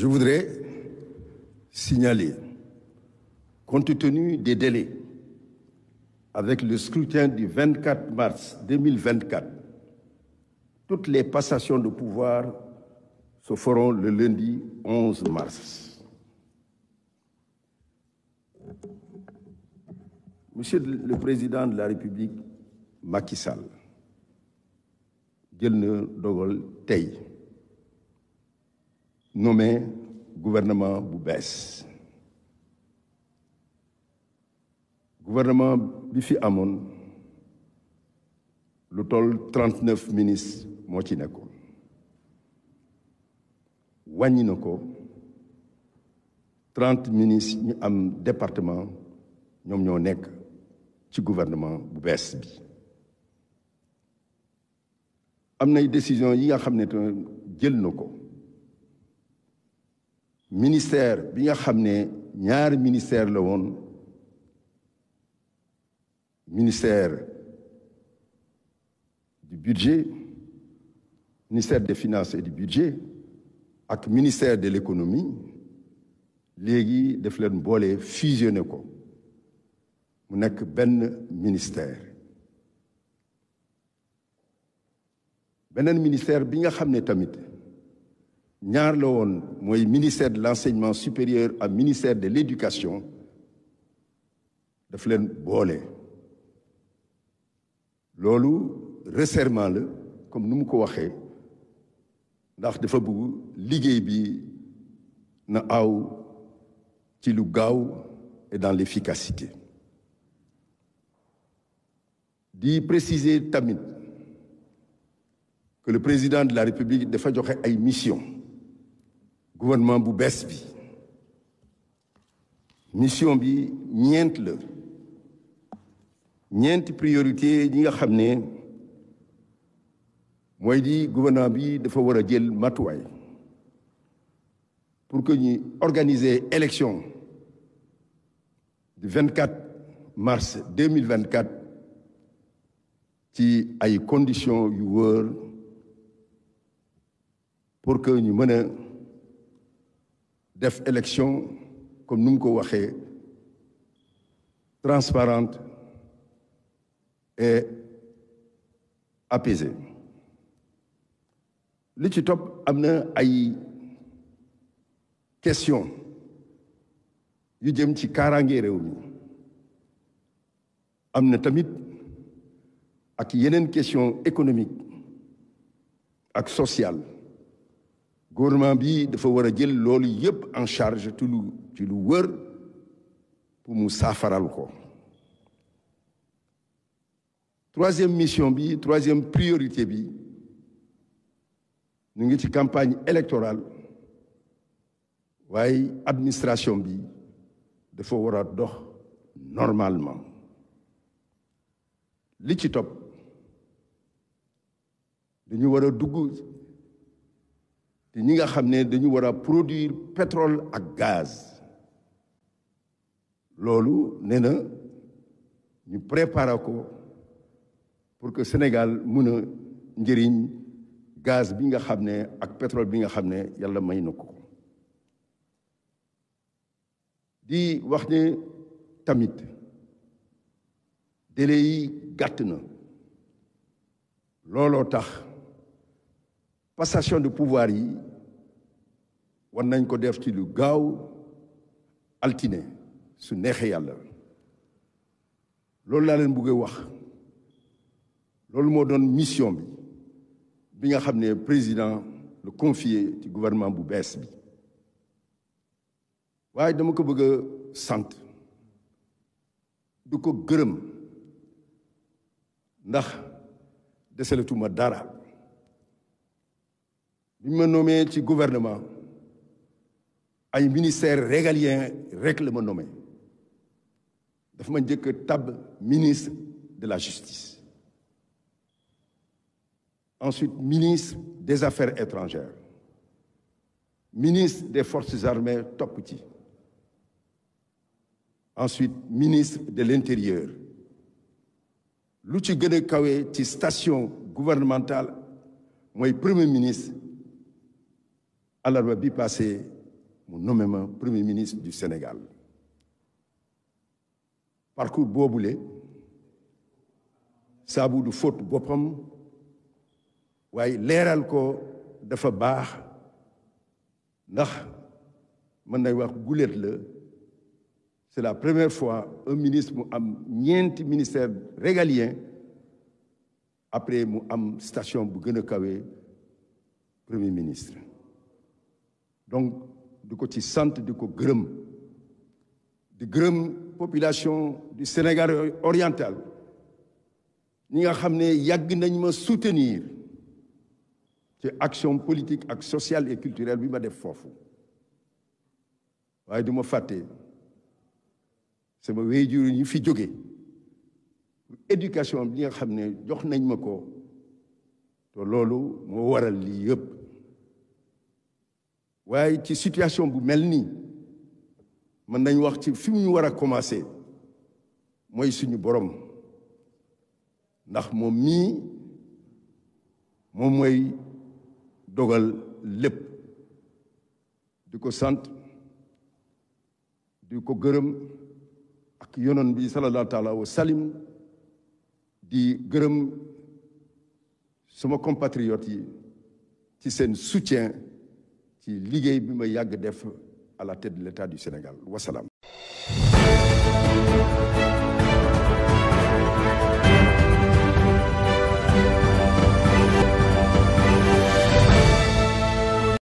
Je voudrais signaler, compte tenu des délais, avec le scrutin du 24 mars 2024, toutes les passations de pouvoir se feront le lundi 11 mars. Monsieur Président la République Macky dogal tey nommé gouvernement bu bees gouvernement bi fi amoon lu toll trente neuf ministres moo ci nekkoon wàññi na ko trent minis ñu am département ñoom ñoo nekk ci gouvernement bu bees bi am nay décision yi nga xam ne jël na ko ministère bi nga xam ne ñaari ministère la woon ministère du budget ministère de finances et du budget ak ministère de l'économie léegi daf leen boole fusionné ko mu nekk benn ministère beneen ministère bi nga xam ne tamit ñaar la woon mooy ministère de l'enseignement supérieur ak ministère de l'éducation daf leen boole loolu resserrement la comme nu mu ko waxee ndax dafa bëgg liggéey bi na aw ci lu gaaw et dans l'efficacité di présiser tamit que le président de la République dafa joxe ay mission gouvernement bu bees bi mission bi ñeent la ñeenti priorité yi nga xam ne mooy di gouvernement bi dafa war a jël matuwaay pour que ñu organiser élection du 24 mars 2024 ci ay conditions yu wóor pour que ñu mën a def élection comme nu mu ko waxee transparente et apaisée li ci top am na ay question yu jëm ci kaaraange réew mi am na tamit ak yeneen question économique ak social gouvernement bi dafa war a jël loolu yépp en charge ci lu ci lu wër pour mu saafaral ko troisième mission bi troisième priorité bi ñu ngi ci campagne électoral waaye administration bi dafa war a dox normalement li ci topp dañu war a dugg te ñi nga xam ne dañu war a produire pétrole ak gaz loolu nee na ñu préparer ko pour que Sénégal mun a njëriñ gaz bi nga xam ne ak pétrole bi nga xam ne yàlla may na ko di wax ne tamit délai yi gàtt na looloo tax passation de pouvoir yi war nañ ko def ci lu gaaw altine su neexee yàlla loolu laa leen bëggee wax loolu moo doon mission bi bi nga xam ne président le confié ci gouvernement bu bees bi waaye dama ko bëgg a sant du ko gërëm ndax deseletuma dara bi ñu ma ci gouvernement ay ministère régalien rek la ma nommé dafa ma njëkk tab ministre de la justice ensuite ministre des affaires étrangères ministre des forces armées topp ci ensuite ministre de l'intérieur lu ci gën a kawe ci station gouvernementale mooy premier ministre àllarba bi passé mu nommé ma premier ministre du Sénégal parcours boobule saabu du fóot boppam waaye leeral ko dafa baax ndax mën nay wax guléet la c'est la première fois un ministre mu am ñeenti ministère régalien après mu am station bu gën a kawe premier ministre donc du ko ci sant du ko gërëm di gërëm population du Sénégal oriental ñi nga xam ne yàgg nañ ma soutenir ci action politique ak sociale et culturelle bi ma def foofu waaye du ma fàtte sama waajur ñu fi jóge éducation bi nga xam ne jox nañu ma ko te loolu moo waral lii yëpp waaye ci situation bu mel nii mën nañ wax ci fi mu ñu war a commencer mooy suñu borom ndax moom mii moom mooy dogal lépp di ko sant di ko gërëm ak yonon bi sallallahu taala wa salim di gërëm suma compatriotes yi ci seen soutien si liggéey bi ma yàgg def à la tête de du Sénégal wasalaam